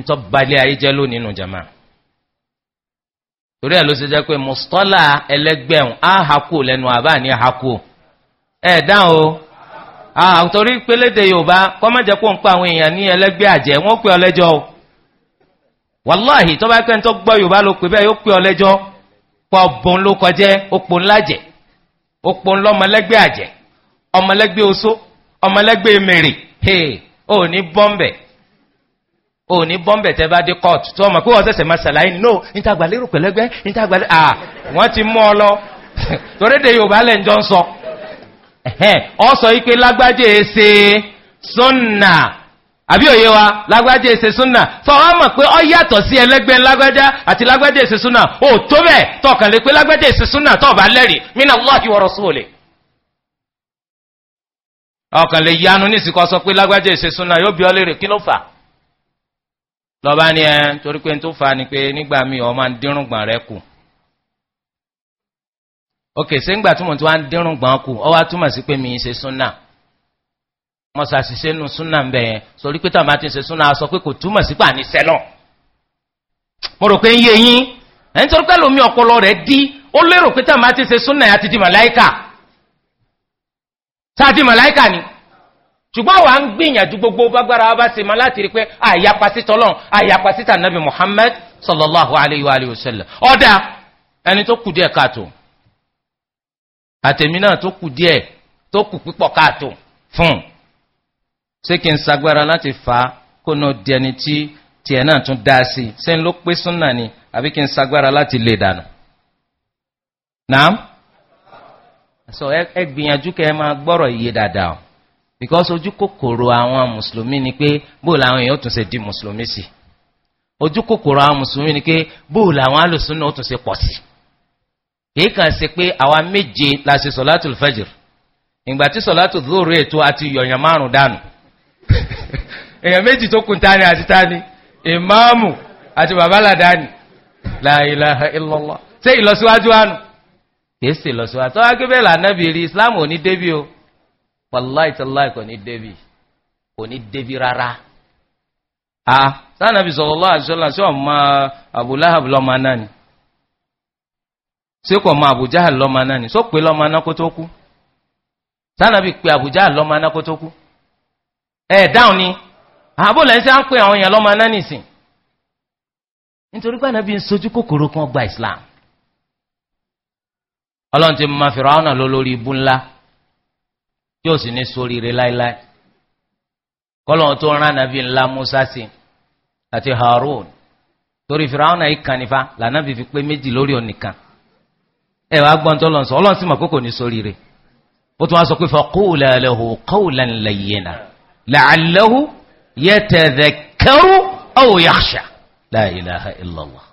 ntọ́ balẹ̀ ayé jẹ́ lónìí nù jama torí ẹ̀ ló ṣe jẹ́ pé mùsùtọ́là ẹlẹ́gbẹ̀rún àhàkù lẹ́nu àbá ní àhàkù ẹ̀ dáhùn o àtọ́rí pélédè yorùbá kọ́mọ̀jẹ́ kó ń pa àwọn èèyàn ní ẹlẹ́gbẹ́ àjẹ́ wọ́n pè ọ lẹ́jọ́ o wàláhì tó bá kẹ́ ń tọ́ gbọ́ yorùbá ló pè bẹ́ẹ̀ yóò pè ọ lẹ́jọ́ pọ̀ bọ́n ló kọjẹ́ òpó ńlá jẹ́ òpó ńlá àjẹ́ ọmọlẹ́gbẹ́ oṣó ọmọlẹ́gbẹ́ mèrè ò ní o ní bọ́m̀bẹ̀ tẹ́ bá dé court tó ọmọ pé wọ́n sẹ̀sẹ̀ máa ṣàlàyé ni no ìtàgbàlérò pẹ̀lẹ́gbẹ́ à ah, ti mọ́ ọ lọ torédè yorùbá lẹ̀ sọ ọ sọ wípé lágbájé ṣe súnà àbí òye wa lágbájé ṣe súnà fọwọ́ mọ̀ pé ọ yàtọ̀ sí ẹlẹ́gbẹ́ lágbájá àti lágbájé ṣe ba leri mina ole yanu sọ pé yóò bí kí lọ́ba ni ẹ torí pé tó fa ni pé nígbà mi ọ máa ń dínrùngbọ̀n rẹ kù òkè ṣé ńgbà tí mo ti wá ń dínrùngbọ̀n kù ọ wá túmọ̀ sí pé mi ń ṣe súnà mo ṣàṣìṣe nu súnà ń bẹ̀ yẹn sórí pé tàbí ti ń ṣe súnà sọ pé kò túmọ̀ sí pé sẹ́lọ̀ mo rò pé ń yé yín ẹni torí pé lómi ọpọlọ rẹ dí ó lérò pé tàbí ti ń ṣe súnà yẹn àti di màláìkà sáà di màláìkà ni ṣùgbọ́n wà ń gbìyànjú gbogbo bágbára bá ṣe mọ́ láti rí pé àyàpá sí tọ́lọ́n àyàpá sí tànàbí Muhammad sallallahu alayhi wa alihi wa sallam ọ̀dà ẹni tó kù díẹ̀ káàtó àtẹ̀mí náà tó kù díẹ̀ tó kù pípọ̀ káàtó fún ṣé kí n sagbára láti fà á kó náà di ẹni tí tiẹ̀ náà tún dá sí ṣé n ló pé súnà ni àbí kí n sagbára láti lè dànù. naam ẹ gbìyànjú kẹ ẹ máa gbọ́rọ̀ iye dáadáa because ojú kòkòrò àwọn mùsùlùmí ni pé bóò làwọn èèyàn tún ṣe di mùsùlùmí sí ojú kòkòrò àwọn mùsùlùmí ni pé bóò làwọn alùsùn náà tún ṣe pọ̀ sí kì í kàn ṣe pé àwa méje la ṣe sọ̀látù fẹ́jìr ìgbà tí sọ̀látù lóòrè ètò àti yọ̀yàn márùn dànù èèyàn méjì tó kún tani àti tani ìmáàmù àti babaládàni la ilaha illallah ṣé ìlọsíwájú àánú kì í ṣe ìlọsíwájú tó wá gbé bẹ́ẹ̀ lànà wàláì tàláì kò ní débi kò ní débi rárá. a sànàbí sallallahu alaihi wasallam sí ọmọ Abu Lahab lọ́mọ náà ni sí kò mọ Abu lọ́mọ ni sọ pe lọ́mọ náà kó tó kú sànàbí pé Abu lọ́mọ náà kó tó kú. ẹ dáhùn ni àbò lẹ́sẹ̀ à ń pè àwọn èèyàn lọ́mọ náà nìsín nítorí pé ànábì ń sojú kòkòrò kan gba Islam ọlọ́run ti máa lọ lórí ibú yóò sì ní soríire láéláé kọ́lọ́n tó rán nàbí ńlá Musa sí àti Harun torí fìràwọ́nà yìí kan nífa lànàbí fi pé méjì lórí ònìkan ẹ wàá gbọ́n tó lọ́n sọ ọlọ́run sì mọ̀ pé kò ní soríire ó tún wá sọ pé faqula lahu qawlan layyina la'allahu yatadhakkaru aw yakhsha la ilaha illallah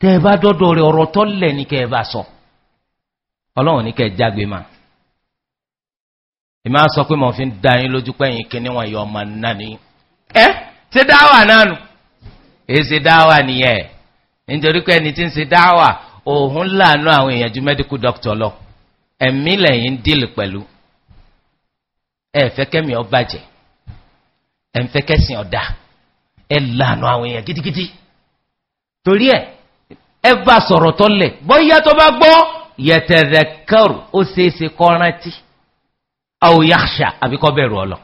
tẹ́ ẹ bá dọ́dọ̀ rẹ̀ ọ̀rọ̀ tọ́lẹ̀ ní kẹ́ ẹ bá sọ ọlọ́run ní kẹ́ ẹ jágbe máa ìmá sọ pé mo fi ń da yín lójú pẹ́yìn kíní wọn yọ ọmọ náà ní. ẹ ṣe dáwà náà nù èyí ṣe dáwà nìyẹn nítorí pé ẹni tí ń ṣe dáwà òun láàánú àwọn èèyàn ju medical doctor lọ ẹ̀mí lẹ́yìn díìlì pẹ̀lú ẹ fẹ́ kẹ́mi ọ bàjẹ́ ẹ ń fẹ́ kẹ́sìn ọ̀dà ẹ láàánú àwọn èèyàn gidigidi torí ẹ ẹ bá sọ̀rọ̀ tọ́lẹ̀ bọ́yá tó bá gbọ́ yẹtẹ̀rẹ̀ kẹrù ó ṣeéṣe kọ́rántí aw yakhsha àbí kó bẹ̀rù ọlọ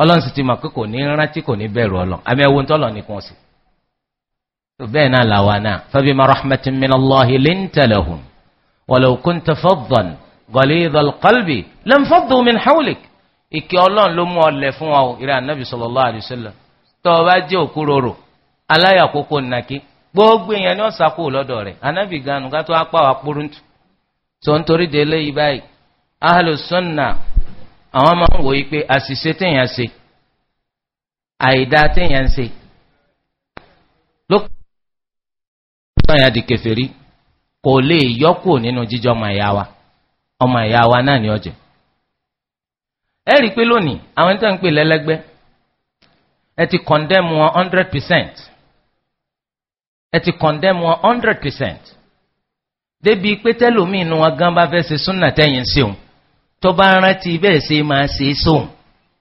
ọlọ́run sì ti mọ̀ pé kò ní rántí kò ní bẹ̀rù ọlọ àmì ẹ̀wọ̀n tọ́lọ̀ nìkan sí tó bẹ́ẹ̀ náà làwa náà fabima rahmatin minallahi linta lahum walau kunta faddan ghalidhal qalbi lanfaddu min hawlik ìkẹ́ ọlọ́run ló mú ọlẹ̀ fún wa ìrẹ́ ànábì sallallahu alaihi wasallam tó o bá jẹ́ òkúròrò aláyàkókò nàkí gbogbo èèyàn ni wọ́n sàkó lọ́dọ̀ rẹ̀ ànábì ganu ká apá wa kúrúntù tó ń délé yìí báyìí ahlu sunna àwọn máa ń wòye pé àṣìṣe téèyàn ṣe àìdá téèyàn ṣe lókè sọ́yà di kẹfẹ́rí kò lè yọ́kù nínú jíjọ ọmọ ìyá wa ọmọ ìyá wa náà ni ọjẹ́ ẹ rí i pé lónìí àwọn tó ń pè lẹ́lẹ́gbẹ́ ẹ ti condemn wọn hundred percent ẹ ti condemn wọn hundred percent débi pé tẹ́lómi inú wọn gan bá fẹ́ ṣe súnà tẹ́yìn tó bá rántí bẹ́ẹ̀ ṣe máa ṣe sóhun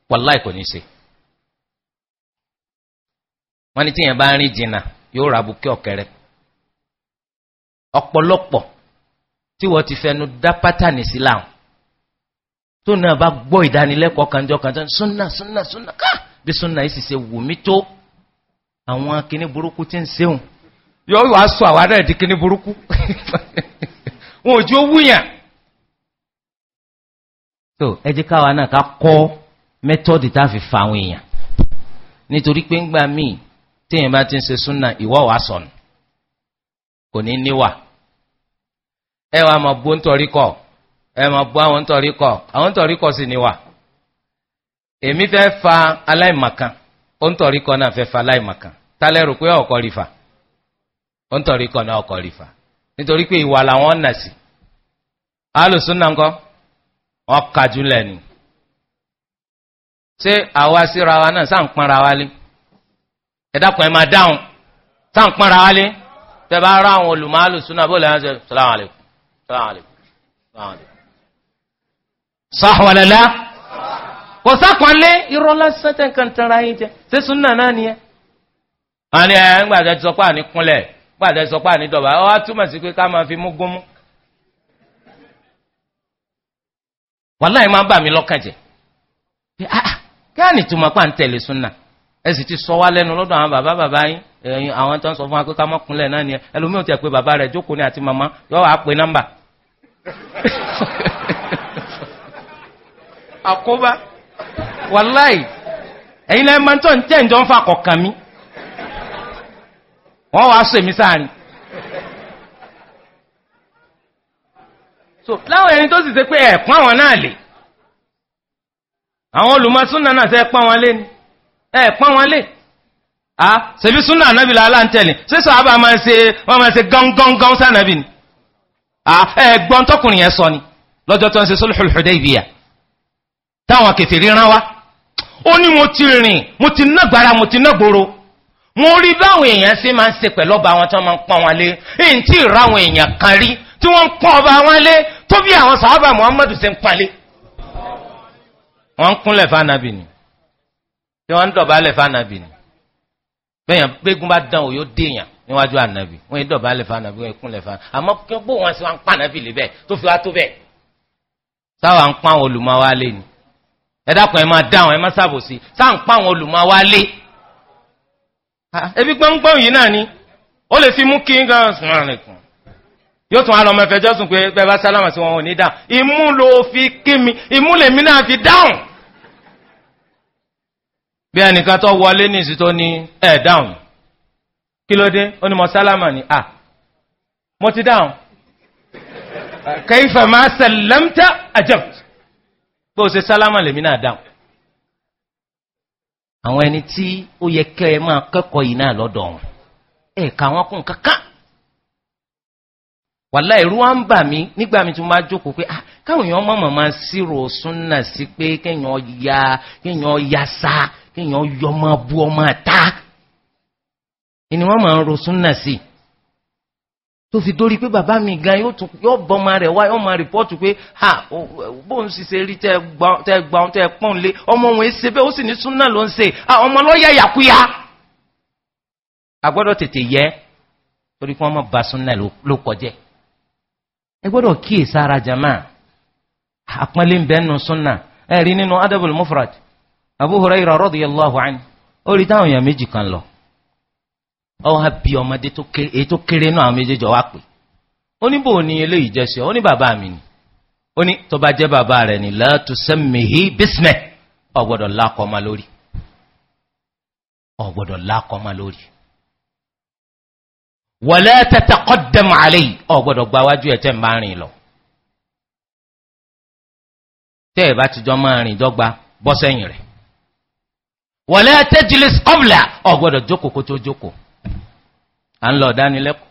wàláì kò ní ṣe wọ́n ní tíyẹn bá rìn jìnnà yóò ra bukẹ́ ọ̀kẹ́rẹ́ ọ̀pọ̀lọpọ̀ tí wọ́n ti fẹnu dá pátánì sí láwọn tó náà bá gbọ́ ìdánilẹ́kọ̀ọ́ kanjọ́ kanjọ́ súnà súnà súnà ká bí súnà yìí sì ṣe wù mí tó àwọn kinní burúkú ti ń ṣeun yóò wá sọ àwa náà di kinní burúkú wọn ò jó wúyàn. so edikawa naa káwa náà ká kọ́ mẹ́tọ́dì tá a fi fa àwọn èèyàn nítorí pé ńgbà míì téèyàn bá ti ń ṣe súnà ìwọ́ wàá sọnù kò ní níwà ẹ wàá bó kọ ẹ bó àwọn kọ àwọn kọ níwà èmi fẹ́ fa aláìmọ̀kan ó nítorí kọ náà fẹ́ fa aláìmọ̀kan tálẹ́ rò pé ọkọ̀ rí fa ó kọ náà ọkọ̀ rí fa nítorí pé ìwà làwọn sí alùsùn náà ń ọkàjúlẹ̀ ni ṣé àwa síra wa náà sáà ń pọ́nra wa lé ẹ̀dàkùn ẹ̀ máa dáhùn sáà ń pọ́nra wa lé tẹ́ bá rá àwọn olùmọ̀ọ́lù súnà bó lè ránṣẹ́ sàlámù àlẹ́kùn sàlámù àlẹ́kùn sàlámù àlẹ́kùn. sàhùwàlẹ́lá kò sákọ̀ọ́lé irọ́ lásán tẹ́ nǹkan yín jẹ ṣé súnà náà nìyẹn. wọ́n ní ẹ̀ ń gbàdá ti sọ kúnlẹ̀ gbàdá ti sọ dọ̀bà ọ́ wá túmọ̀ sí pé ká máa fi mú gómú. wàláì máa bà mí lọ́kàn ah, ah, kí á nìtumọ̀ pa ń tẹ̀lé súnà ẹ sì ti sọ wá lẹ́nu lọ́dọ̀ àwọn bàbá bàbá yín àwọn tó ń sọ fún wa pé ká mọ́ kúnlẹ̀ náà ni ẹlòmíràn ti ẹ̀ pé bàbá rẹ̀ jókòó ní àti màmá yọ wàá nọ́mbà. àkóbá wàláì ẹ̀yin lẹ́yìn máa ń tọ́ tẹ̀ ń wọ́n wàá sáà ni. so láwọn ẹni tó sì ṣe pé ẹ̀pọ́n àwọn náà lè àwọn olùmọ̀súnà náà ṣe pọ́n wọn lé ni ẹ̀pọ́n wọn lé a ṣèbí súnà ànábì làálà ń tẹ̀lé sísọ àbá máa ṣe wọ́n máa ṣe gángangán sànàbì ni a ẹ̀gbọ́n tọkùnrin yẹn sọ ni lọ́jọ́ tó ń ṣe Sulhul Hudaybiyah táwọn kèfèrí rán wá ó ní mo ti rìn mo ti nágbára mo ti nágboro mo rí báwọn èèyàn ṣe máa ń ṣe pẹ̀lọ́ba wọn tí wọ́n máa ń pọ́n wọn lé èyí tí ìráwọn èèyàn kan rí tí wọ́n ń pọ́n ọba wọn lé tó bí àwọn sàábà muhammadu ṣe ń palẹ̀ wọ́n ń kúnlẹ̀ fánàbì ni tí wọ́n ń dọ̀bálẹ̀ fánàbì ni bẹ́yàn gbégun bá dán òyó déèyàn níwájú ànàbì wọ́n ń dọ̀bálẹ̀ fánàbì wọ́n ń kúnlẹ̀ fánàbì àmọ́ kí bó wọn sì wá ń pànàbì lè bẹ́ẹ̀ tó fi wá tó bẹ́ẹ̀ sáwà ń pa àwọn olùmọ̀wá ni ẹ dákun ẹ máa dáhùn ẹ máa ṣàbòsí sáà ń pa àwọn olùmọ̀wá ah, ebi gbọ́ngbọ́n yìí náà ni ó lè fi mú kí n gan sùn àrùn yóò tún àrọ̀ mẹ́fẹ́ jọ́sùn pé bẹ́ẹ̀ bá sálámà sí wọn ò ní dáhùn imú ló fi kí mi imú lèmi náà fi dáhùn bí ẹnìkan tó wọlé ní ìsìtò ní ẹ̀ dáhùn kí ló dé ó ní mọ sálámà ní à ah, mo ti dáhùn kayfa ma sallamta ajabt bó o ṣe sálámà lèmi náà dáhùn àwọn ẹni tí ó yẹ kẹ́ ẹ máa kẹ́kọ̀ọ́ yìí náà lọ́dọ̀ ọ̀hún ẹ̀ka wọn kún kankan wàláhì ẹ̀rù wa ń bà mí nígbà mi tí mo máa jókòó pé ah káwọn èèyàn mọ̀mọ́ máa ṣírò súnà sí pé kéèyàn ya kéèyàn ya sa kéèyàn yọ ọmọ bu ọmọ ta ni wọ́n máa ń ro súnà sí i tó fi dórí pé bàbá mi gan yóò tún yóò bọ ọmọ rẹ̀ wá yóò máa rìpọ́tù pé ha bóun sì ṣe rí tẹ gbọ́n tẹ pọ́n lé ọmọ òun ṣe bẹ́ẹ̀ ó sì ní súnà ló ń ṣe ọmọ lọ́ọ̀yà yàkúyà. a gbọ́dọ̀ tètè yẹ torí kí wọ́n má ba súnà ló kọjẹ́ ẹ gbọ́dọ̀ kíì sára jama àpọ́nlé ń bẹ́ẹ̀ nù súnà ẹ rí nínú adabul mufrad Abu Hurairah radiyallahu anhu ó rí táwọn èèyàn méjì kan lọ ọ wá bí ọmọdé tó kéré náà àwọn méjèèjì wá pè ó ní bò ní eléyìí jẹ́sẹ̀ ó ní bàbá mi ni ó ní tó bá jẹ́ bàbá rẹ̀ ní la tusammihi bismihi ọ̀gbọ́dọ̀ lákọ̀ọ́mà lórí ọ̀gbọ́dọ̀ lákọ̀ọ́mà lórí wọ̀lẹ́ tẹ́tẹ́ kọ́dẹ̀mù àlẹ́ ọgbọdọ gba wájú ẹ̀tẹ́ mba rìn lọ tẹ́ ẹ̀ bá ti jọ máa rìn dọ́gba bọ́ sẹ́yìn rẹ̀ wọ̀lẹ́ tẹ́jìlis kọ́bùlà ọ̀gbọ́dọ̀ jókòó kó tó jókòó à ń lọ dánilẹ́kọ̀ọ́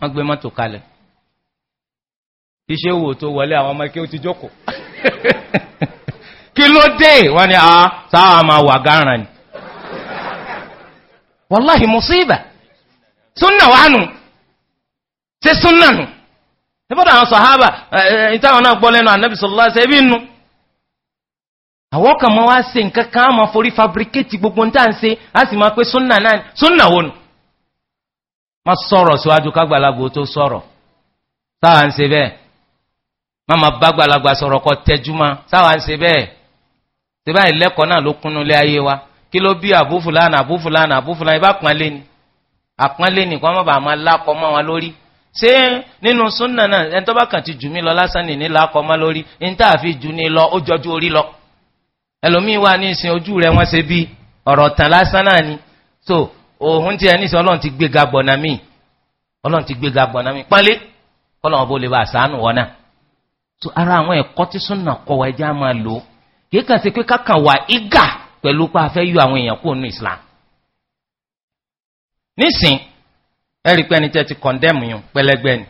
wọ́n gbé mọ́tò kalẹ̀ iṣẹ́ a ah, sáà máa wà gáràn ni súnà wà nù ṣe súnà nù níbọ̀dọ̀ àwọn sọ̀hábà ìtàwọn náà gbọ́ lẹ́nu ànábì sallallahu alaihi wasallam nù àwọn kan máa wá ṣe nǹkan kan á máa forí fabricate gbogbo ń tà ń ṣe á sì máa pé súnà náà súnà wò nù má sọ̀rọ̀ síwájú kágbàlagbò tó sọ̀rọ̀ sáwà ń ṣe bẹ́ẹ̀ má má bá gbàlagbà sọ̀rọ̀ kọ tẹjúmọ́ sáwà ń ṣe bẹ́ẹ̀ ṣe lẹ́kọ̀ọ́ náà ló kúnnú àpọ́nlé nìkan má bàa máa lákọ mọ́ wọn lórí ṣé nínú súnà náà ẹni tó bá kàn ti jù mí lọ lásán ní ní lákọ mọ́ lórí ní tá a fi jù ní lọ ó jọjú orí lọ ẹlòmíín wà ní ìsìn ojú rẹ wọ́n ṣe bí ọ̀rọ̀ tán lásán náà ni so òun ti ẹni sọ ọlọ́run ti gbéga gbọ̀nà míì ọlọ́run ti gbéga gbọ̀nà míì pọ́nlé kọ́lọ́run bó lè bá àṣánù wọn náà so ara àwọn ẹ̀kọ́ tí súnà kọ́ wa ẹja máa lò kì í kàn Islam nísìn ẹ̀rí pé ẹni tẹ́ ti kọ̀ndẹ́mù yùn pẹlẹgbẹ́ ni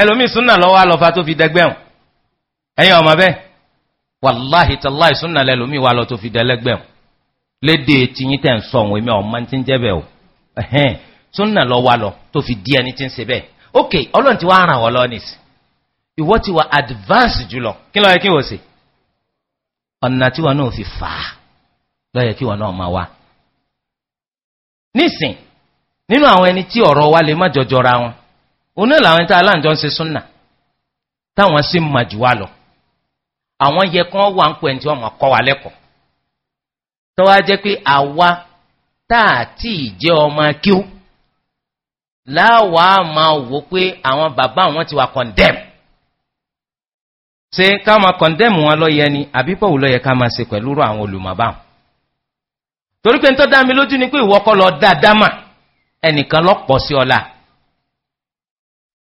ẹlòmíì súnà lọ́wọ́ àlọ́fà tó fi dẹgbẹ́hùn ẹ̀yin ọmọ bẹ́ẹ̀ wàláhì tàláì súnà lẹ́lòmíì wà lọ́ tó fi dẹlẹ́gbẹ̀hùn léde tẹ̀ ń sọ òun èmi ń jẹ́ bẹ́ẹ̀ o di ẹni tí ń ṣe bẹ́ẹ̀ ok ọlọ́run ti wá ràn wọ́ lọ́ nìsí ti wà advance jùlọ kí lọ́yẹ kí ọ̀nà tí wọn náà fi fà á lọ́yẹ kí wọn nínú àwọn ẹni tí ọ̀rọ̀ wa lè má jọjọra wọn oní làwọn tá aláǹjọ ń ṣe súnà táwọn sì mà jù wá lọ àwọn yẹ kán wà ń pẹ́ ní kọ́ wa lẹ́kọ̀ọ́ tọ́wá jẹ́ pé àwa tá jẹ́ ọmọ kíú láwàá máa wò pé àwọn bàbá wọn ti wà condemn ṣé ká máa condemn wọn lọ́yẹ ni àbí pọ̀ wò lọ́yẹ ká máa ṣe pẹ̀lú àwọn olùmọ̀bá torí pé ń tọ́ dá mi lójú ni pé ìwọ́kọ́ lọ dáadáa mà ẹnìkan lọ́pọ̀ sí ọlá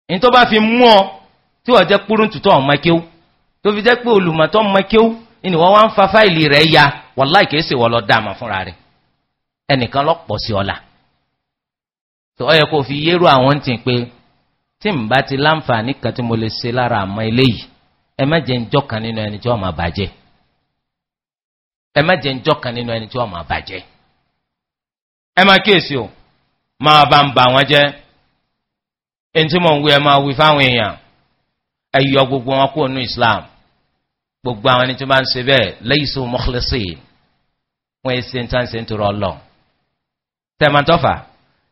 ní tó bá fi mú ọ tí wọ́n jẹ́ kúrúntù tó ọmọ kéwú tó fi jẹ́ pé olùmọ̀tọ́ ọmọ kéwú ni wọ́n wá ń fa fáìlì rẹ̀ ya wàláì kìí ṣe wọ́n lọ dáàmà fúnra rẹ̀ ẹnìkan lọ́pọ̀ sí ọlá tó ọ yẹ fi yérú àwọn tí pé tí n bá ti láǹfààní kan tí mo lè ṣe lára àmọ́ eléyìí ẹ má jẹ́ njọ́ kan nínú ẹni tí wọ́n bàjẹ́ ẹ má jẹ́ njọ́ kan nínú ẹni tí wọ́n bàjẹ́ ẹ má kíyèsí o máa bá ń bà wọ́n jẹ́ ẹni tí ń wí ẹ máa wí fáwọn èèyàn ẹ gbogbo wọn kúrò ní Islam gbogbo àwọn ẹni tí wọ́n bá ń ṣe bẹ́ẹ̀ laysu mukhlisin wọ́n ẹ ṣe ń tán ṣe ń torọ lọ. tẹ̀mọ̀tọ́fà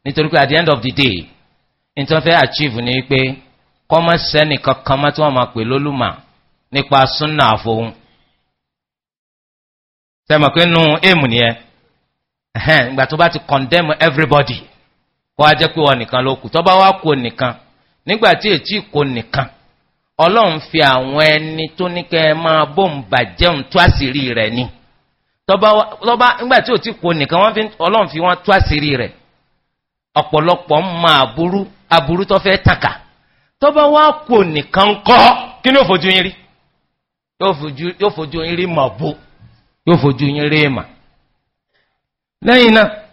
nítorí pé at the end of the day nítorí fẹ́ achieve ni pé kọ́mọ́sẹ́nì kankan mọ́ tí wọ́n máa pè lólùmọ̀ nípa súnà àfohùn tẹ̀mọ̀ pé nù éèmù nìyẹn ìgbà tó bá ti condemn everybody wọ́n á jẹ́ pé wọn nìkan ló kù tọ́ba wa kó nìkan nígbà tí ètí kó nìkan ọlọ́run fi àwọn ẹni tó ní kẹ́ ẹ máa bóun bàjẹ́un tó àṣírí rẹ̀ ni tọ́ba nígbà tí òtí kó nìkan ọlọ́run fi wọ́n tó àṣírí rẹ̀ ọ̀pọ̀lọpọ̀ ń ma àbúrú àbúrú tó fẹ́ tàkà tọ́ba wa kó nìkan kọ́ kí ni yóò fojú yín rí yóò fojú yín rí mọ̀ bó yóò fojú yín rí mà lẹ́yìn náà.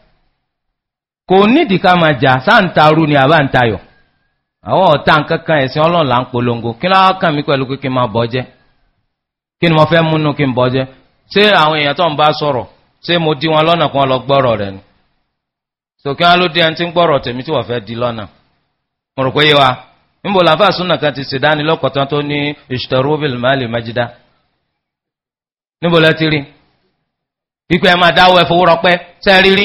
kò nídìí ká máa jà sáǹtarú ni àbá àwọn ọ̀tá nkankan ẹ̀sìn ọlọ́run là ń polongo kí ló kàn kí n máa bọ́ jẹ́ kí ni mo fẹ́ múnú kí n bọ́ jẹ́ ṣé àwọn èèyàn tó ń bá sọ̀rọ̀ ṣé mo di wọn lọ́nà wọ́n lọ gbọ́rọ̀ rẹ̀ ni sòkè wọn ló ẹni tí ń gbọ́rọ̀ lọ́nà mo rò pé wa níbo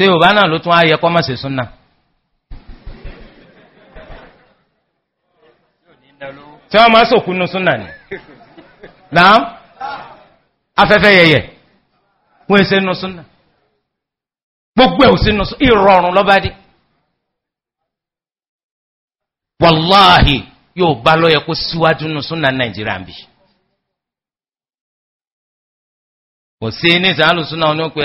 ṣé yorùbá náà ló tún ayẹ kọ́ mọ̀ sí súnà. tí wọ́n máa sòkú súnà ni náà afẹ́fẹ́ yẹyẹ wọ́n súnà gbogbo ẹ̀ ò sí súnà ìrọ̀rùn lọ́ba dé wàláhì yóò bá lọ́yẹ kó síwájú kò sí ní sàálù súná ọ̀nà pé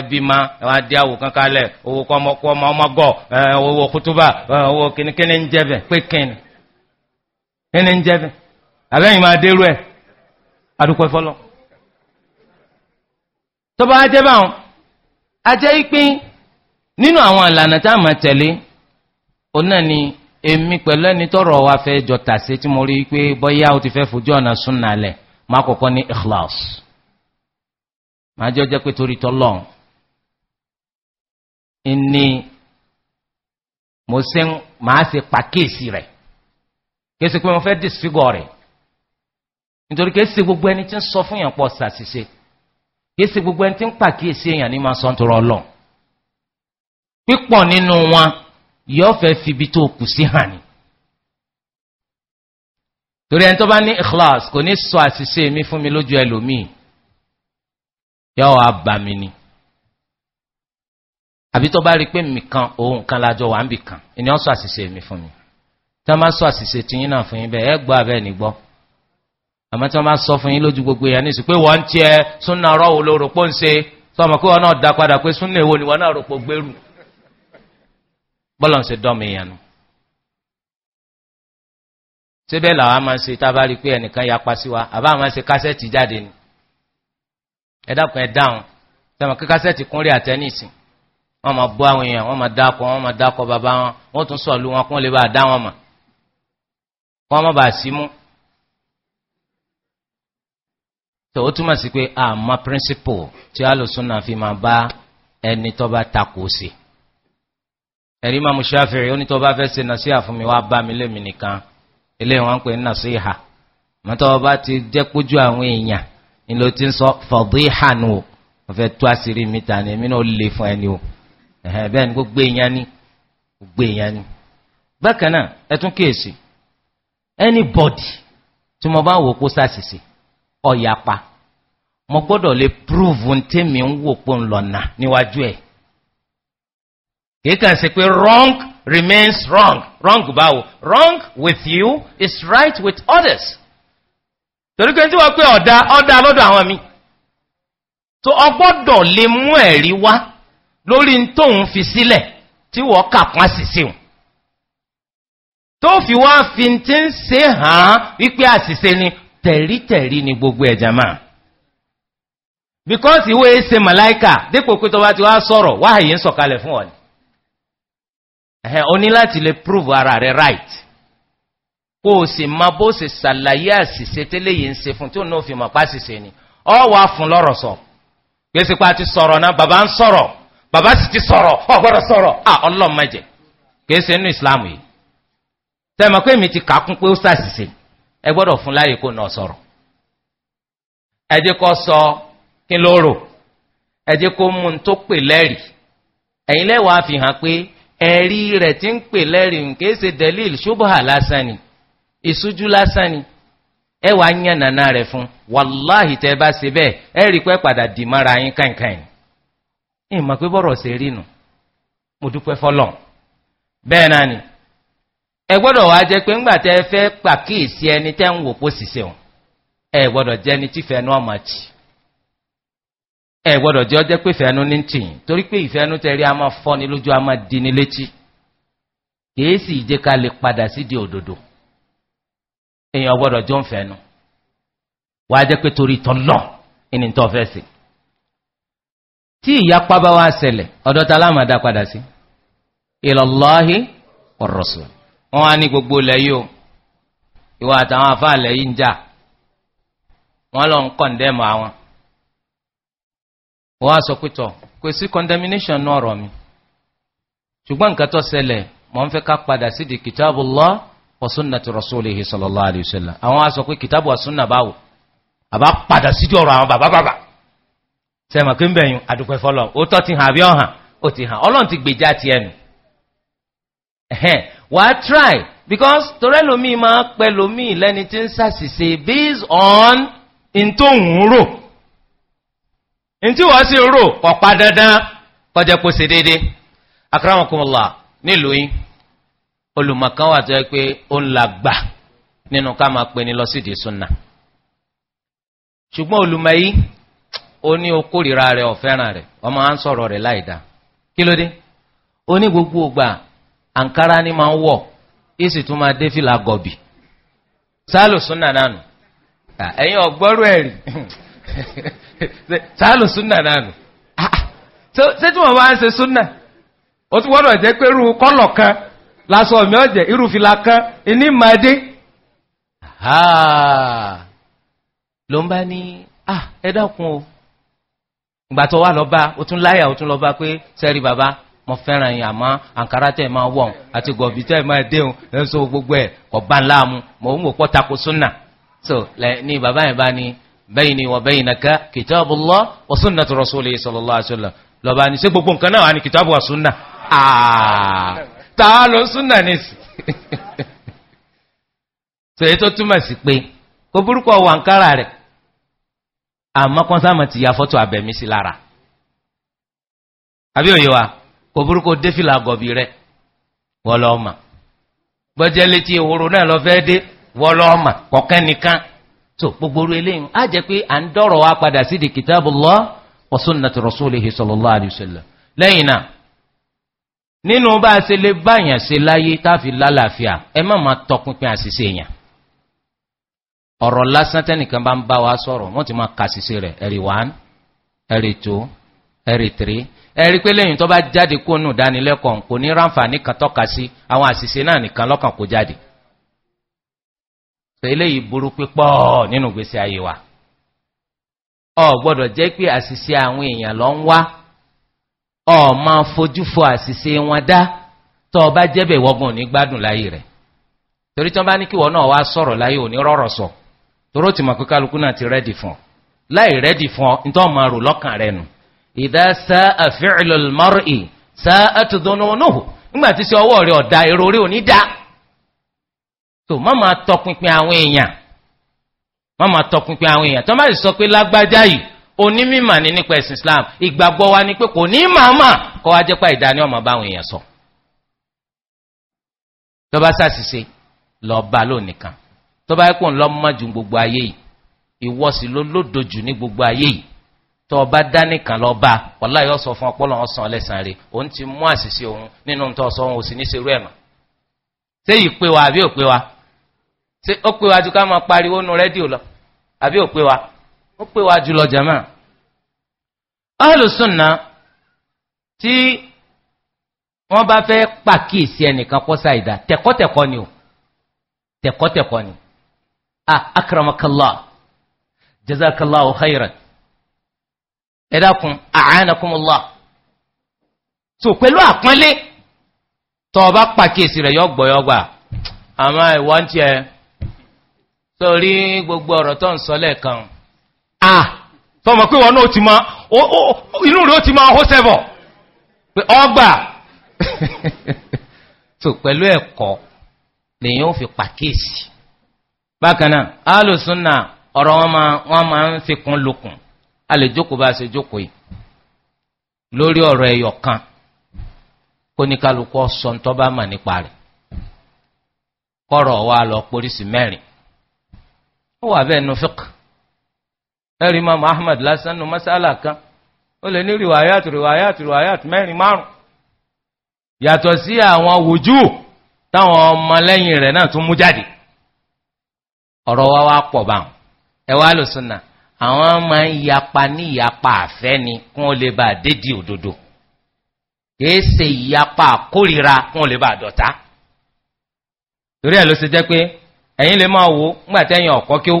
ẹbí ma ẹ̀wọ̀n adé àwò kankan lẹ̀ owó kọ́ ọmọ ọmọgọ owó kútúbà owó kínníkínní ń jẹ́bẹ̀ pé kínní kínní ń jẹ́bẹ̀ àbẹ́yìn máa dérú ẹ̀ adúpẹ́ fọlọ́. tó bá báwọn ajẹ́ ìpín nínú àwọn ìlànà tá ni èmi pẹ̀lú ẹni tọrọ wa fẹ́ jọ tí mo rí i pé bọ́yá o ti fẹ́ fojú ọ̀nà súnà lẹ̀ kọ̀kọ́ màá jẹ́ ọjọ́ pé torí tọ́lọ́n ní mo ṣe ń màá ṣe pàkíyèsí rẹ̀ kí ṣe pé mo fẹ́ dìsígọ̀ rẹ̀ nítorí kí ṣe gbogbo ẹni tí ń sọ fún yàn pọ̀ ṣàṣìṣe kí ṣe gbogbo ẹni tí ń pàkíyèsí èèyàn ní máa sọ ń tọrọ ọlọ́n pípọ̀ nínú wọn yóò fẹ́ fi ibi tó kù sí hàn ni torí ẹni tó bá ní ikhlas kò ní sọ àṣìṣe mi fún mi lójú ẹlòmíì yọ wá bà ni àbí tó bá rí i pé mi kan òun kan lájọ wà ń bì kan ìní so àṣìṣe mi fún mi tí wọ́n bá sọ àṣìṣe tìyín náà fún yín bẹ́ẹ̀ ẹ gbọ́ abẹ́ ní gbọ́ àmọ́ tí gbogbo yẹn nísìsiyìí pé wọ́n ń tiẹ̀ súnà ọ̀rọ̀ wo ló rò ń ṣe sọmọ pé wọn náà padà pé súnà ni náà gbèrú nu síbẹ̀ a bá rí i pé ẹnìkan sí wa àbá máa ń ṣe kásẹ̀tì jáde ẹ dákun ẹ dáhùn sẹ́wọ̀n kí kásẹ̀tì kúnlẹ̀ àtẹ́nìsì wọ́n máa bọ́ àwọn èèyàn wọ́n máa dákọ̀ wọ́n máa dákọ̀ bàbá wọn wọ́n tún sọ̀lú wọn kún lè bá dá wọn mọ̀ kọ́ mọ́ bá sí mú. tó o túmọ̀ sí pé àmọ́ píríncípù tí alùsùnà fi máa bá ẹni tó bá takò sí. ẹ̀rí máa mú ṣáfìrí ó ní tó bá fẹ́ ṣe nà sí àfúnmi wá bá mi lémi nìkan eléyìí wọ́n ń pè ní nà sí ìhà mọ́tò ọba ti jẹ́ kójú àwọn èèyàn ní ló ti ń sọ fadhihan o ọ̀fẹ́ tó àṣírí mi tà ní èmi náà ó lè fún ẹni o bẹ́ẹ̀ ni gbogbo èèyàn ni gbogbo èèyàn ni bákan náà ẹ tún kíyèsí anybody tí mo bá wò kó sàṣìṣe ọ̀yàpá mo gbọ́dọ̀ lè prove ntẹ́mi ń wò pé ń lọ́nà níwájú ẹ̀ kìí kàn sí pé wrong remains wrong wrong báwo wrong with you is right with others torí pé tí wọ́n pé ọ̀dá ọ̀dá lọ́dọ̀ àwọn mi So ọgbọ́dọ̀ lè mú ẹ̀rí wá lórí tóun fi sílẹ̀ tí wọ́n kà pọ́n àṣìṣe òun tó fi wá fi tí ń ṣe hàn wípé àṣìṣe ni tẹ̀rítẹ̀rí ni gbogbo ẹ̀já máa because ìwé ṣe màláìkà dípò pé tó bá ti wá sọ̀rọ̀ wáhàyè ń sọ̀kalẹ̀ fún ọ ni o ní láti lè prove ara rẹ right kó o sì máa bó ṣe ṣàlàyé àṣìṣe tẹ́lẹ̀ yìí ń ṣe fún tí òun náà fi mọ̀ ni ọ wà fún lọ́rọ̀ sọ gbèsè pa ti sọ̀rọ̀ náà bàbá ń sọ̀rọ̀ bàbá ti sọ̀rọ̀ ọ gbọ́dọ̀ sọ̀rọ̀ à ọlọ́run mẹ́jẹ̀ gbèsè nínú ìsìláàmù yìí pé ti kà pé ó ṣàṣìṣe ẹ gbọ́dọ̀ fún láyè kó náà sọ̀rọ̀ ẹ jẹ́ sọ kí ló rò ẹ jẹ́ kó mú fi hàn pé ẹ̀rí rẹ̀ ti ń pè lẹ́rìí ni ìṣújú lásán ni ẹ wàá yàn nàná rẹ̀ fún wàláhì tẹ́ bá ṣe bẹ́ẹ̀ ẹ rí padà dì mára yín kàìnkàìn ní ìmọ̀ pé bọ́rọ̀ ṣe rí nù mo dúpẹ́ fọlọ́ bẹẹ náà ni ẹ gbọdọ wá jẹ́ pé ńgbà tẹ́ fẹ́ pàkíyèsí ẹni tẹ́ ń wò o ẹ gbọdọ jẹ́ ẹni tí fẹ́nu ọmọ ẹ gbọdọ jẹ́ ọjẹ́ pé fẹ́nu ní torí pé rí a máa di ni padà èèyàn gbọ́dọ̀ jó ń fẹ́nu wà á jẹ́ pé torí tọ́lọ̀ ìní tó fẹ́ sí tí ìyapa bá wá ṣẹlẹ̀ ọ̀dọ̀ ta padà sí wọ́n gbogbo ilẹ̀ yìí o ìwà àtàwọn afáàlẹ̀ yìí ń jà wọ́n lọ ń kọ̀ndẹ́mù àwọn wọ́n á sọ pé tọ̀ kò sí condemnation náà rọ̀ mi ṣùgbọ́n nǹkan tó mọ̀ ń fẹ́ ká padà wa sunnati rasulihi sallallahu alayhi wa sallam àwọn aṣọ pé kìtàbù wa sunna báwo àbá padà síjú ọ̀rọ̀ àwọn bàbá bàbá sẹ́mọ̀ kí ń bẹ̀yìn àdúpẹ́ fọlọ́ ó tọ́ ti hàn àbí ọ̀hàn ó ti hàn ọlọ́run ti gbèjà tiẹ̀ nù wàá try because torí ẹlòmíì máa pẹ́ lòmíì lẹ́ni tí ń ṣàṣìṣe based on ntòhún rò ntí wọ́n sì rò kọ̀ pa dandan kọjá kó ṣe déédéé akramakumullah nílùú yìí olùmọ̀kan wà tó yẹ pé ó ń la nínú ká máa pe ní lọ sí di sunna ṣùgbọ́n olùmọ̀ yìí ó ní okórìíra rẹ̀ ọ̀fẹ́ràn rẹ̀ ọmọ à ń sọ̀rọ̀ rẹ̀ láìda kí ló dé ó ní gbogbo ògbà àǹkárá ni máa ń wọ̀ sì tún máa dé fìlà gọ̀bì sálò nánu ẹ̀yin ọ̀gbọ́rú ẹ̀rì sálò nánu ah, ṣé tí wọ́n bá ń ṣe ó wọ́n kan. lásọ mi ọ̀jẹ̀ irúfìlà kan iní màdé ló ń bá ní ah ẹ o ìgbà wà lọ́ba ó tún láyà ó tún lọ́ba pé sẹ́rí bàbá mo fẹ́ràn yìí àmọ́ àǹkárá tẹ̀ máa wọ̀n àti gọ̀bí tẹ̀ máa déhùn gbogbo ẹ̀ kò láàmú mo ń pọ́ tako súnà so ní bàbá yẹn bá ní ni wọ́n bẹ́yìn nàka kitabullah wa sunnatu rasulihi sallallahu ní ṣé gbogbo nǹkan náà wà ní kìtàbù súnà. ta ló súnà nìsí sèyí tó túmọ̀ sí pé kò burúkú ọwọ́ àǹkárá rẹ̀ àmọ́ kọ́nsámọ̀ ti ya fọ́tò abẹ̀mí sí lára àbí òye wa kò burúkú défìlà gọ̀bì rẹ̀ wọ́n lọ́ gbọ́jẹ́ létí ìhòòrò náà lọ a dé wọ́n lọ́ kọ̀kẹ́ nìkan gbogbo orí á jẹ́ pé à padà di nínú bá a ṣe lè báyàn ṣe láyé táàfi lálàáfíà ẹ má ma tọpinpin àṣìṣe èèyàn ọ̀rọ̀ lásán tẹ́nìkan bá ń bá wa sọ̀rọ̀ wọ́n ti máa ka rẹ̀ ẹ̀rì one ẹ̀rì two ẹ̀rì three ẹ̀rí pé lẹ́yìn tó bá jáde kó nù dánilẹ́kọ̀ọ́ kò ní ráǹfààní kan tọ́ka sí àwọn àṣìṣe náà nìkan lọ́kàn kó jáde ṣe eléyìí burú pípọ̀ nínú ìgbésí ayé wa ọ gbọ́dọ̀ jẹ́ pé àṣìṣe àwọn èèyàn lọ ń wá ọ máa fojú fo àṣìṣe wọn dá tọ́ ọba jẹ́bẹ̀ wọ́gùn ní gbádùn láyé rẹ̀ torí bá náà wá sọ̀rọ̀ láyé òní sọ toró ti mọ̀ pé kálukú ti rẹ́dì fún ọ láì rẹ́dì fún ọ ní máa rò lọ́kàn nù ìdá sá àfihàn sá nígbà tí ọwọ́ ọ̀dà èrò orí tọpinpin àwọn èèyàn má máa tọpinpin àwọn èèyàn tó má sì sọ pé onímọ̀ ni nípa ẹ̀sìn islam ìgbàgbọ́ wa ni pé kò ní màmá kọ́ wa jẹ́ pa ìdání ọmọ báwọn èèyàn sọ. tó bá ṣàṣìṣe lọ bá lónìkan tó bá kó ń lọ mọ́ ju gbogbo ayé yìí ìwọ sì ló lódo jù ní gbogbo ayé yìí tó bá dánìkan lọ bá wàlá yóò sọ fún ọpọlọ ọsàn ọlẹ́sàn rẹ̀ òun ti mú àṣìṣe òun nínú tó sọ òun ò sì ní ṣerú ẹ̀ mọ́. pé wa àbí ò pé wa ó pé wa ju ká máa pariwo nu rédíò lọ àbí ò pé wa ó pé wá jùlọ jama ahlùsùnà tí wọ́n bá fẹ́ pàkíyèsí ẹnìkan kó ṣàìdá tẹ̀kọ́tẹ̀kọ́ ni o tẹ̀kọ́tẹ̀kọ́ ni a ah, akramakallah jazakallahu khairan ẹ dákun a'anakumullah so pẹ̀lú àpọ́nlé tó bá pàkíyèsí rẹ̀ yọ gbọ́ yọ gbà àmọ́ ìwọ́n tiẹ̀ sórí gbogbo ọ̀rọ̀ tó ń sọ ah pé wọ́n náà ti ma inú rẹ̀ ó ti ma ọhó sẹ́bọ̀ ọgbà so pẹ̀lú ẹ̀kọ́ lèyàn ó fi pàkíyèsí bákanáà alùsùnà ọ̀rọ̀ wọn ma ń fi kún lókun a lè jókòó bá ṣe jókòó yìí lórí ọ̀rọ̀ ẹyọ kan kó ní kálukú ọ̀sọ̀ tó bá mà nípa rẹ̀ kọ́rọ̀ wa lọ porísì ẹ̀rí imam ahmed lásán nu masala kan ó lè ní riwayat riwayat riwayat mẹ́rin márùn yàtọ̀ sí àwọn wòjú táwọn ọmọlẹ́yìn rẹ̀ náà tún mú jáde ọ̀rọ̀ wa wá pọ̀ bá ẹ wá àwọn máa ń yapa ní ìyapa àfẹ́ ni kún ó lè bá dédì òdodo kìí ṣe ìyapa àkórira kún ó lè bá dọ̀tá torí ẹ̀ ló ṣe jẹ́ pé ẹ̀yin lè máa wo ńgbà tẹ́yìn ọ̀kọ́ kí ó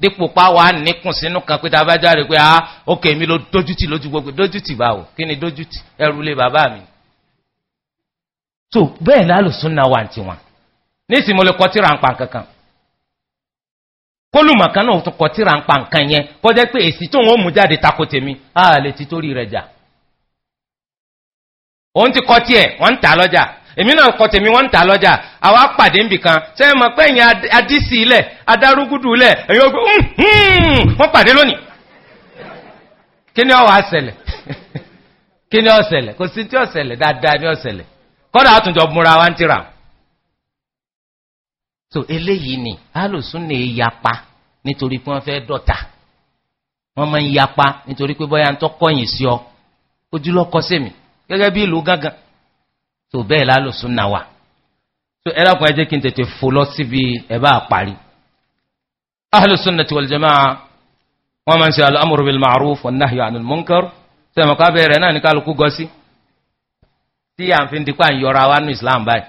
dípò páwa nìkùn sínú kan pé tàbá jáde pé ah ókè mi ló dójútì lójú gbogbo dójútì báwo kí ni dójútì ẹrù lé bàbá mi. so bẹ́ẹ̀ lálùsùn náà wà tiwọn níìsín mo lè kọ́ tíra ń pa kankan kólùmọ̀ kan náà tún kọ́ tíra ń pa nǹkan yẹn kọjá pé èsì tó ń mú jáde tako tèmi a lè ti torí rẹ̀ jà òun ti kọ́ tiẹ̀ wọ́n ń tà lọ́jà èmi náà kọ tèmi wọ́n ń tà lọ́jà àwa pàdé nbìkan ṣé ẹ mọ̀ pé ẹ̀yin adísì ilẹ̀ adarúgúdù ilẹ̀ ẹ̀yin ó gbé wọ́n pàdé lónìí kí ni ó wá kò sí tí ó ṣẹlẹ̀ dáadáa ni ó ṣẹlẹ̀ kọ́dà àtúnjọ múra wa ń tira so eléyìí ni alòsùn ní yapa nítorí pé wọ́n fẹ́ dọ̀tá wọ́n máa ń yapa nítorí pé bóyá ń tọ́ kọ́yìn sí ọ ojúlọ́kọ sèmi gẹ́gẹ́ bí ìlú gángan so bẹ́ẹ̀ lálùsùn náà wà so ẹ dákun ẹ jẹ́ kí n tètè fò lọ síbi ẹ bá parí ahlùsùn náà ti wal jamaa wọ́n máa ń ṣe al-amru bil ma'ruf wan nahyu 'anil munkar sẹ́mi ká bẹ̀rẹ̀ náà ní kálukú gọ́ sí tí à ń fi dípò à wa nù islam báyìí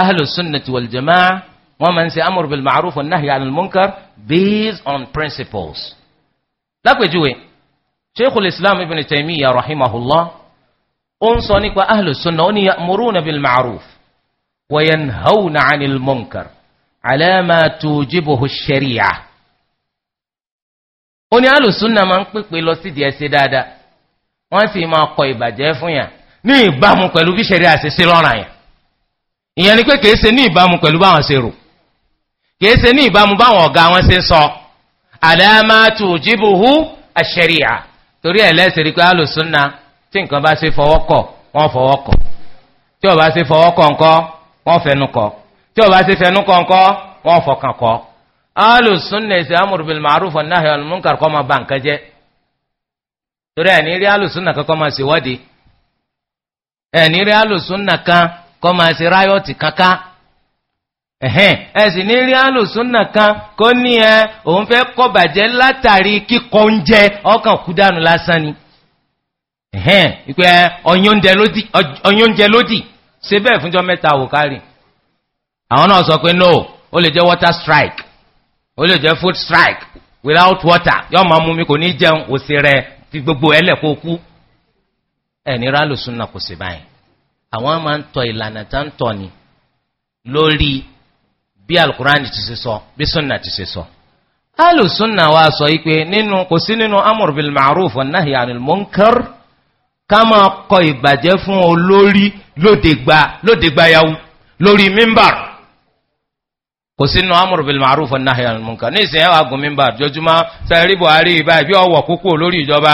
ahlùsùn náà ti wal jamaa wọ́n máa ń ṣe amru bil ma'ruf wan nahyu 'anil based on principles lápèjúwe sheikhul islam ibn taymiyyah rahimahullah ó ń sọ nípa ahlùsùnà ó ní ya'muruna bil ma'ruf wa yanhauna 'anil munkar 'ala ma tujibuhu ash-shari'ah ó ní ahlùsùnà máa ń pèpè lọ sídìí ẹsẹ dáadáa wọ́n sì máa kọ ìbàjẹ́ fún yàn ní ìbámu pẹ̀lú bí ṣẹ̀ríà ṣe sí lọ́ràn yàn ìyẹn ni pé kìí ṣe ní ìbámu pẹ̀lú báwọn ṣe rò kìí ṣe ní ìbámu báwọn ọ̀gá wọn ṣe sọ àlẹ́ máa tù jíbuhu torí ẹ̀ lẹ́sẹ̀ rí pé alùsùnà tí nǹkan bá ṣe fọwọ́ kọ̀ wọ́n fọwọ́ kọ̀ tí ọba ṣe fọwọ́ kọ̀ ńkọ́ wọ́n fẹnu kọ̀ tí ọba ṣe fẹnu kọ̀ ńkọ́ wọ́n fọkàn kọ̀ alùsùnà ẹ̀sẹ̀ amúrù bil ma'ruf wan kọ́ máa ba jẹ́ torí ẹ̀ní rí alùsùnà kan kọ́ máa ṣe wádìí ẹ̀ní rí alùsùnà kan kọ́ máa ṣe ráyọ̀tì kankan ẹ̀hẹ́n ẹ̀sìn ní rí kan kó ní ẹ òun fẹ́ kọ́ bàjẹ́ ẹ̀hẹ́n ìpẹ́ ọ̀yọ́njẹ lódì ṣe bẹ́ẹ̀ fúnjọ́ mẹ́ta wò kárì àwọn náà sọ pé no ó lè jẹ́ water strike ó lè jẹ́ food strike without water yọ́ máa mú mi kò ní jẹun òsì fi gbogbo ẹlẹ́kọ̀ọ́ kú ẹ̀ ní rálùsùn náà kò sí báyìí àwọn máa ń tọ ìlànà tá ń tọ ni lórí bí alukurani ti ṣe sọ bí sunna ti ṣe sọ alùsùn náà wá sọ yìí pé nínú kò sí nínú amúrúbìlì náà yàrá ká máa kọ ìbàjẹ́ fún olórí lódegba lódegba yahoo lórí mímbàr kò sínú amru bil ma'ruf wan nahyi anil munkar ní ìsìn ẹwà gùn mímbàr jọjúmọ́ sẹ́rí buhari ìbáyìí bí ọwọ́ kúkú lórí ìjọba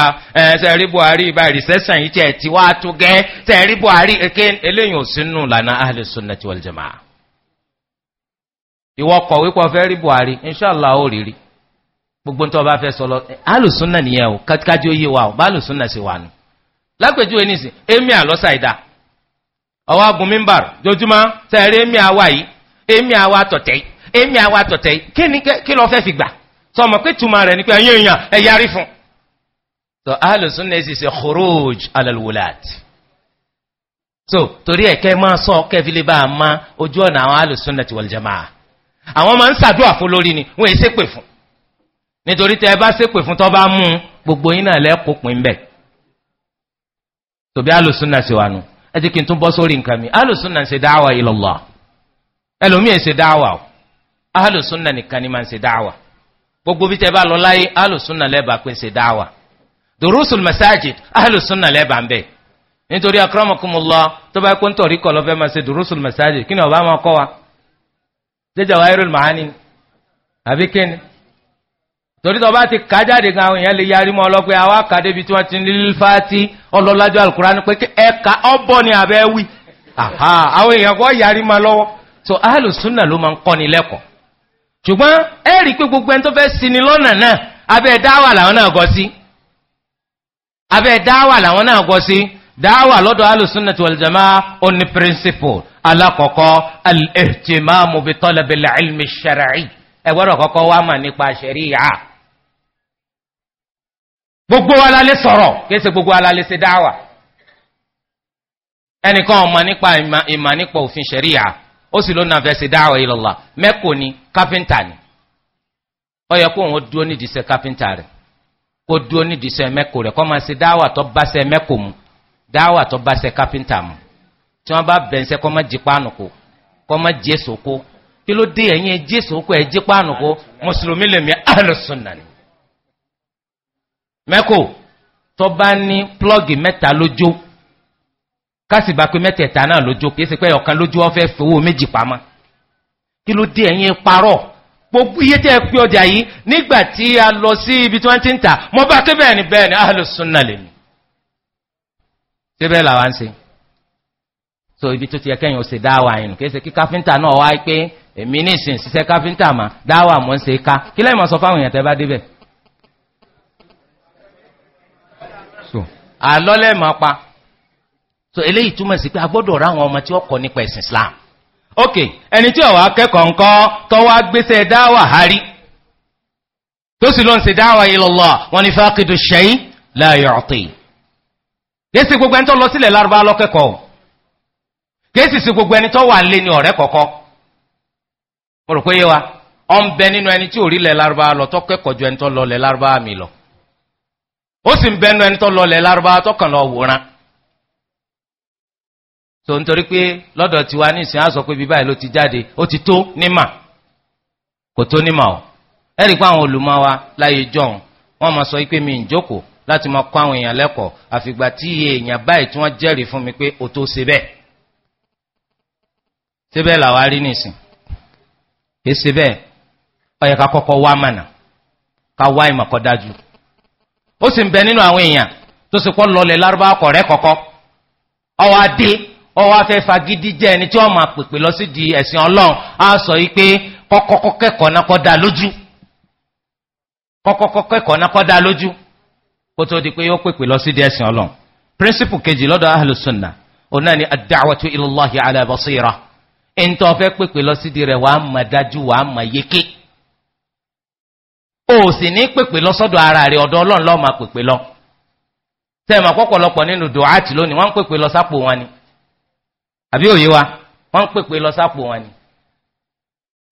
sẹ́rí buhari ìbáyìí rìsẹ́sàn yìí tiẹ̀ tí wàá tó gẹ́ sẹ́rí buhari èké eléyìí ò sínú lànà ahli sunnati wal jamaa. ìwọ kọ̀ wípọ̀ fẹ́ rí buhari inshàlá ó rí rí gbogbo ní tó bá fẹ́ sọ lọ lápèjúwe nísìn èmi àlọ́sà ìdá ọwọ́ agun mímbà jojúmọ́ sẹ́ẹ̀rí èmi àwa yìí èmi àwa tọ̀tẹ̀ èmi àwa tọ̀tẹ̀ kí ni kí lọ fẹ́ fi gbà sọmọ pé túmọ̀ rẹ̀ ni pé ẹ̀yin èèyàn ẹ̀ yarí fún. so alùsùn náà sì ṣe khuruj alàlùwòlàt so torí ẹ̀ kẹ́ máa sọ kẹ́ fi lè bá a ma ojú ọ̀nà àwọn alùsùn náà ti wal jamaa àwọn máa ń ṣàdúrà fún lórí ni wọ́n èé ṣépè fún nítorí tẹ́ ẹ bá ṣépè fún tọ́ bá mú gbogbo yín lẹ́kọ̀ọ́ pín bẹ́ẹ̀ tòbí alùsùnà ṣe wà nù ẹ jẹ́ kí n tún bọ́ sórí nǹkan mi alùsùnà ṣe dáwà ila Allah ẹlòmíì ṣe dáwà o alùsùnà nìkan ni máa ń ṣe dáwà gbogbo bí tẹ bá lọ láyé alùsùnà lẹ́bàá pé ṣe dáwà durusul masajid alùsùnà lẹ́bàá ń bẹ̀ nítorí akramakumullah tó bá kó ń tọ̀rí kọ̀ lọ́fẹ́ máa ṣe durusul masajid kí ni ọba máa kọ́ wa jẹjẹrẹ wáyé rẹ̀ màá àbí kí torí tó bá ti kà jáde gan àwọn èèyàn lè yarí mọ́ ọlọ́pẹ́ àwa kà débi tí wọ́n ti ní fati ọlọ́lájọ́ alukurani pé ẹ̀ka ọ̀bọ ni àbẹ́ wí àwọn èèyàn kọ́ yarí mọ́ lọ́wọ́ so alùsùnà ló máa ń kọ́ni lẹ́kọ̀ọ́ ṣùgbọ́n ẹ rí i pé gbogbo ẹni tó fẹ́ sinmi lọ́nà náà abẹ́ dáwà làwọn náà gọ sí abẹ́ dáwà làwọn náà gọ sí dáwà lọ́dọ̀ alùsùnà tí wọ́n jẹ́má oní principle alákọ̀ọ́kọ́ al-ihtimamu bi talabil ẹ gbọ́dọ̀ wa mà nípa gbogbo wa la lè gbogbo wa la lè ṣe dáwà ẹnìkan ọmọ nípa ìmọ̀ nípa òfin ṣẹ̀ríà ó sì ló nà fẹ́ ṣe dáwà ni káfíńtà ni ó yẹ kó òun dúró nídìí iṣẹ́ káfíńtà rẹ̀ kó dúró nídìí mẹ́kò kó máa ṣe dáwà tó bá ṣe mẹ́kò mu dáwà tó bá ṣe káfíńtà mu tí wọ́n bá bẹ̀ ń ṣe kó má jí kó kí ló dé ẹ̀yìn jésù kó ẹ̀jẹ̀ páànù kó mùsùlùmí lèmi alùsùnà ni. mẹ́kò tó bá ní plọ́gì mẹ́ta lójó kásìbá pé mẹ́tẹ̀ẹ̀ta náà lójó kì í ṣe pé ọ̀kan lójó wọn fẹ́ fowó méjì pamọ́ kí ló dé ẹ̀yìn parọ́ gbogbo iye tẹ́ ẹ pé ọjà yìí nígbà tí a lọ sí ibi tí wọ́n ti ń tà mo bá ké bẹ́ẹ̀ ni bẹ́ẹ̀ ni alùsùnà lèmi. síbẹ̀ làwọn ṣe so ibi tó ti yẹ kẹ́yìn ó ṣe dáwà yìí nù kì í ṣe kí káfíńtà náà wáyé pé èmi ní ìsìn ṣiṣẹ́ káfíńtà mà dáwà mọ́ ń ṣe ká kí lẹ́yìn máa sọ fáwọn èèyàn tẹ́ bá débẹ̀. so àlọ́ lẹ́yìn máa pa so eléyìí túmọ̀ sí pé a gbọ́dọ̀ ra àwọn ọmọ tí wọ́n kọ́ nípa ẹ̀sìn Islam ok ẹni tí ọ̀wá akẹ́kọ̀ọ́ nǹkan tó wá gbéṣẹ́ dáwà harí tó sì ló ń ṣe dáwà ilallah wọn ni fákìdù ṣẹ́yìn láàyò ọ̀tẹ̀ gbogbo ẹni tó lọ sílẹ̀ lárúbá lọ́kẹ́kọ̀ọ́ sí gbogbo ẹni tó wà lé ní ọ̀rẹ́ mo rò pé yé wa ọ̀ ń bẹ nínú ẹni tí ò rí lẹ̀ lárúbáwá lọ tó kẹ́kọ̀ọ́ ju ẹni tó lọ lẹ̀ lárúbáwá mi lọ ó sì ń bẹ nínú ẹni tó lọ lẹ̀ lárúbáwá tó kàn lọ wòran so nítorí pé lọ́dọ̀ tiwa ní ìsìn á sọ pé bí báyìí ló ti jáde ó ti tó nímà kò tó nímà o ẹ rí i pé àwọn olùmọ̀ wa láyé jọ̀hún wọ́n máa sọ pé mi ń jókòó láti máa kọ́ àwọn èèyàn lẹ́kọ̀ọ́ àfìgbà tí iye èèyàn báyìí tí wọ́n jẹ́rìí fún mi pé o tó ṣe bẹ́ẹ̀ ṣe bẹ́ẹ̀ làwa rí nìsín èsì bẹ́ẹ̀ ọyẹ ká kọ́kọ́ wá mànà ká wá ìmọ̀ kọ́ dájú ó sì ń bẹ nínú àwọn èèyàn tó sì kọ́ lọlẹ̀ lárúbá kọ̀rẹ́ kọ́kọ́ ọwọ́ adé ọwọ́ afẹ́ fagídí jẹ́ ẹni tí wọ́n máa pèpè lọ sí di ẹ̀sìn ọlọ́run á sọ yìí pé kọ́kọ́kọ́ kẹ́kọ̀ọ́ náà kọ́ lójú kọ́kọ́kọ́ kẹ́kọ̀ọ́ náà kọ́ lójú kó tó di pé pèpè lọ sí di ẹ̀sìn ọlọ́run kejì lọ́dọ̀ ẹ̀ńtọ́ fẹ́ pèpè lọ sídi rẹ̀ wàá mọ̀ dájú wàá mọ̀ yéké o sì ní pèpè lọ sọ́dọ̀ ara rẹ̀ ọ̀dọ̀ ọlọ́run lọ́ọ́ máa pèpè lọ tẹ́ẹ̀mà pọ̀pọ̀lọpọ̀ nínú dùhátì lónìí wọ́n ń pèpè lọ sápò wọn ni àbí òye wa wọ́n ń pèpè lọ sápò wọn ni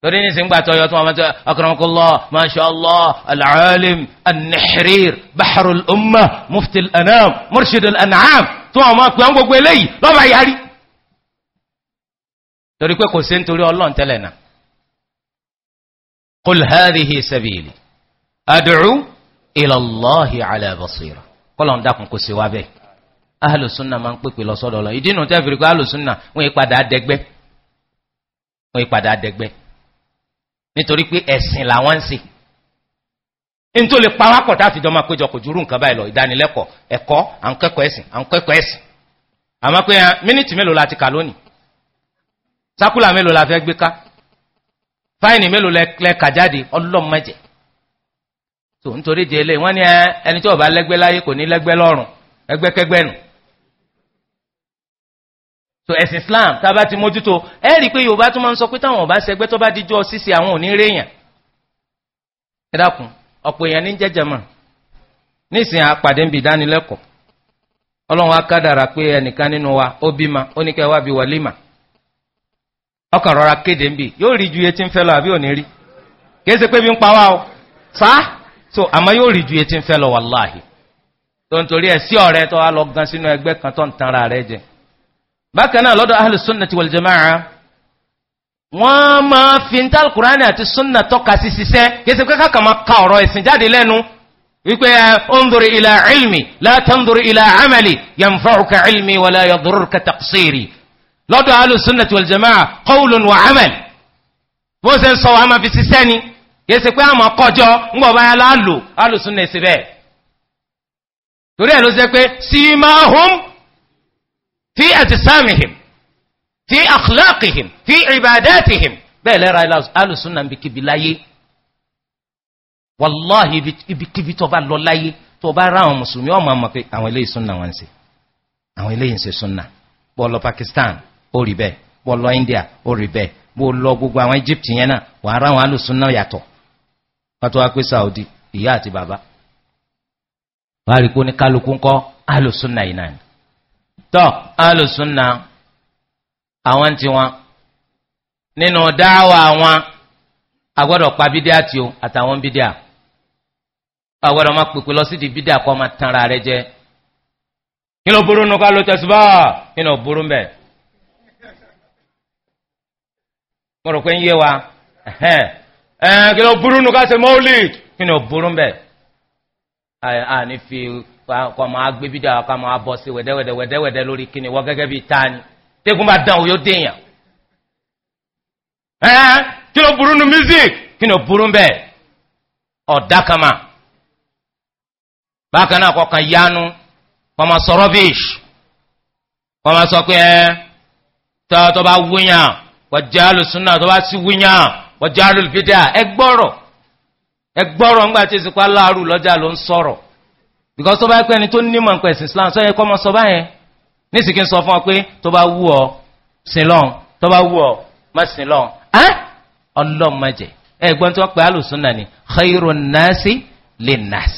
torí ní sìngbà tó yọ tó wọn tó akramakallah mashallah al-alim an-nahrir bahrul umma mufti anam murshid anam tó wọn máa pè wọn gbogbo eléyìí torí pé kò sí nítorí ọlọ́run tẹ́lẹ̀ náà qul sabili ad'u ila Allahi ala basira kọ́lọ̀ ń dákun kò sí wá bẹ́ẹ̀ ahlùsúnà máa ń pèpè lọ sọ́dọ̀ ọlọ́run ìdí nu tẹ́fìrí pé ahlùsúnà wọ́n ìpadà dẹgbẹ́ wọ́n ìpadà dẹgbẹ́ nítorí pé ẹ̀sìn làwọn ń ṣe nítorí lè pa wákọ̀ tá a fi jọ máa péjọ kò sákúlà mélòó la fẹ́ gbé ká fáìnì mélòó lẹ kà jáde ọlọ́mọdé tó nítorí di eléyìí wọ́n ní ẹni tí ó bá lẹ́gbẹ́ láyé kò ní lẹ́gbẹ́ lọ́rùn ẹgbẹ́kẹ́gbẹ́ nù so ẹ̀sìn Islam tá a bá ti mójútó ẹ rí i pé Yorùbá tún máa ń sọ pé táwọn ọba ṣẹgbẹ́ tó bá díjọ́ ṣíṣe àwọn ò ní réèyàn ẹ dákun ọ̀pọ̀ èèyàn ní jẹ́jẹ́ mọ̀ nísìnyí àpàdé ń bi ìdánilẹ́kọ̀ọ́ Ọlọ́run wa ó bímọ ó ní ọkàn rọra kéde ń bì yóò rí ju etí ń fẹ́ lọ àbí òní rí kìí pé bí ń pa wá sá so àmọ́ yóò rí ju etí ń fẹ́ lọ wàláhì tó ń torí ẹ̀ sí ọ̀rẹ́ tó wá lọ gan sínú ẹgbẹ́ kan tó ń tanra rẹ̀ jẹ bákan náà lọ́dọ̀ ahlu sunnati wal jamaa wọ́n máa fi ń tal kùránì àti sunna tọ́ka sí ṣiṣẹ́ kìí ṣe pé káka máa ka ọ̀rọ̀ ẹ̀sìn jáde lẹ́nu wípé ẹ ọ̀ndùrù ilà ilmi látọ̀ndùrù ilà amali yanfa'uka ilmi wala yadurruka taqsiri lọ́dọ̀ alùsùnàtì wàlìjẹ̀máà qawlun wa amal bó ṣe ń sọ wàá máa fi ṣiṣẹ́ ni kìí ṣe pé àmọ́ kọjọ́ ńgbọ̀ báyà láàlò alùsùnà ẹ̀sìn bẹ́ẹ̀ torí ẹ̀ ló ṣe pé simahum fi ajsamihim fi akhlaqihim fi ibadatihim bẹ́ẹ̀ lẹ́ra alùsùnà ibikíbi láyé wàláhì ibikíbi tó bá lọ láyé tó bá rá àwọn mùsùlùmí ọmọ àwọn eléyìí súnà wọn ń àwọn eléyìí ń ṣe Pakistan ó rí bẹ́ẹ̀ bọ́ lọ india ó rí bẹ́ẹ̀ bó lọ gbogbo àwọn egypt yẹn náà wàá ráwọn alùsùn náà yàtọ̀ wọ́n wá pé saudi ìyá àti bàbá wàá rí kó ní kálukú ńkọ́ alùsùn náà yìí náà ni tọ́ alùsùn náà àwọn tí wọn nínú dáwà wọn agbọ́dọ̀ pa bídíà tí o àtàwọn bídíà agbọ́dọ̀ máa pèpè lọ sí bídíà kọ́ máa tanra rẹ jẹ kí ló burú nu ká ló tẹ̀síbá kí ló burú mbẹ́. mo rò pé ń yé wa kí ló burú nu ká ṣe mọ́ọ́lì kí ni ò burú bẹ̀ à ní fi kọ́ máa gbé bídà kọ́ máa bọ́ sí wẹ̀dẹ́wẹ̀dẹ́ wẹ̀dẹ́wẹ̀dẹ́ lórí kí ni wọ́n gẹ́gẹ́ bíi ta ni tẹ́gùn bá dán òyò déèyàn kí ló burú nu music kí ni burú bẹ̀ ọ̀dà kan mà bákan náà kọ́ yánu kọ́ máa sọ kọ́ máa sọ pé ẹ tọ́ tọ́ bá wúyàn. wọ́jà alùsùnà tó bá sí wíyàn wọ́jà alùbídà ẹ gbọ́rọ̀ ẹ gbọ́rọ̀ ńgbà tí èsì pa láàrú lọ́jà ló ń sọ̀rọ̀ because tó bá pẹ́ ni tó nímọ̀ nǹkan ẹ̀sìn Islam sọ́yẹ kọ́ mọ sọ báyẹn nísìkí ń sọ fún ọ pé tó bá wù ọ sin lọ́n tó bá wù ọ má sin lọ́n ọlọ́mọdé ẹ gbọ́n tí wọ́n pe alùsùnà ni khairun nasi lin nas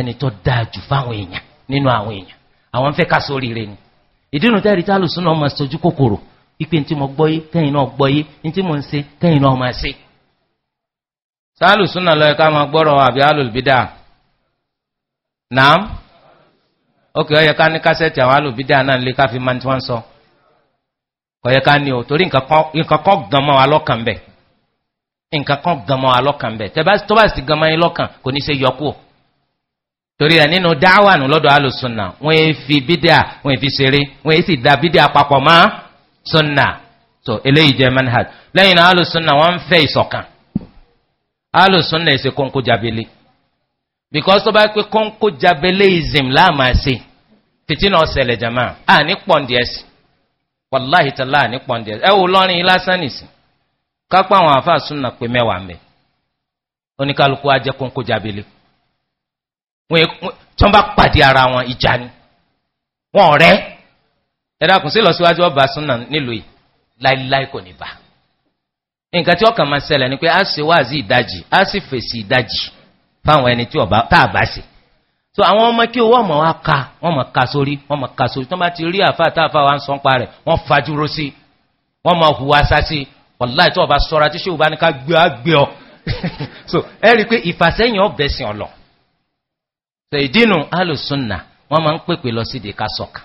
ẹni tó dáa jù fáwọn èèyàn nínú àwọn èèyàn àwọn fẹ́ ká sóríire ni ìdí nu tẹ́rì tí alùsùnà ọmọ sojú kòkòrò ipe ntí mo gbọ́ yé kẹ́yìn náà gbọ́ yé ntí mo ń ṣe kẹ́yìn náà máa ṣe. sáàlù súnà lọ ẹ̀ka máa gbọ́rọ̀ àbí alùbídà nàám ókè ọ̀yẹ̀ ká ní kásẹ̀tì àwọn alùbídà náà lè ká fi máa tí wọ́n ń sọ ọ̀yẹ̀ ká ní o torí nǹkan kan gan mọ́ wa lọ́kàn bẹ̀ nǹkan kan gan mọ́ wa lọ́kàn bẹ̀ tó bá sì gan mọ́ yín lọ́kàn kò ní ṣe yọkù torí ẹ nínú dáwà nù lọ́dọ̀ alùsùnà wọ́n fi bídà wọ́n fi ṣeré wọ́n sì da bídà papọ̀ mọ́ sunna so eléyìí jẹ́ manhaj lẹ́yìn náà alùsùnà wọ́n ń fẹ́ ìṣọ̀kan alùsùnà ẹ̀sẹ̀ kónkó jabele because tó bá pé kónkó jabele ìzìm láàmà ṣe fìtínà ọ̀sẹ̀lẹ̀ jama à ní pọ̀ǹdì ẹ̀sìn wàláhì tàlá à ní pọ̀ǹdì ẹ̀sìn ẹ wò lọ́rin lásán nìsín kápá àwọn àfa sùnà pé mẹ́wàá mẹ́ oníkálukú á jẹ́ kónkó jabele wọ́n e, tó bá pàdé ara wọn ìjà ni wọ́n rẹ́ ẹ̀dá kùn sí lọ́síwájú ọba súnà nílùú yìí láíláí kò ní bá nǹkan tí ọkàn máa ṣẹlẹ̀ ni pé a ṣe wáàzí ìdajì a sì fèsì ìdajì fáwọn ẹni tí ọba tá a bá ṣe so àwọn ọmọ kí owó ọmọ wa ka wọn mọ ka sórí wọn mọ ka sórí tí wọn bá ti rí àfa tá àfa wa ń sọpa rẹ wọn fajúro sí wọn mọ hùwà sásì wàláì tí ọba sọra tí sèwú ní ká gbé ọ gbé ọ so ẹ rí i pé ìfàsẹ́yìn ọbẹ̀ sìn ọ̀lọ̀ so ìdínú alùsùnà wọn máa ń pèpè lọ sídìí ká sọ̀kan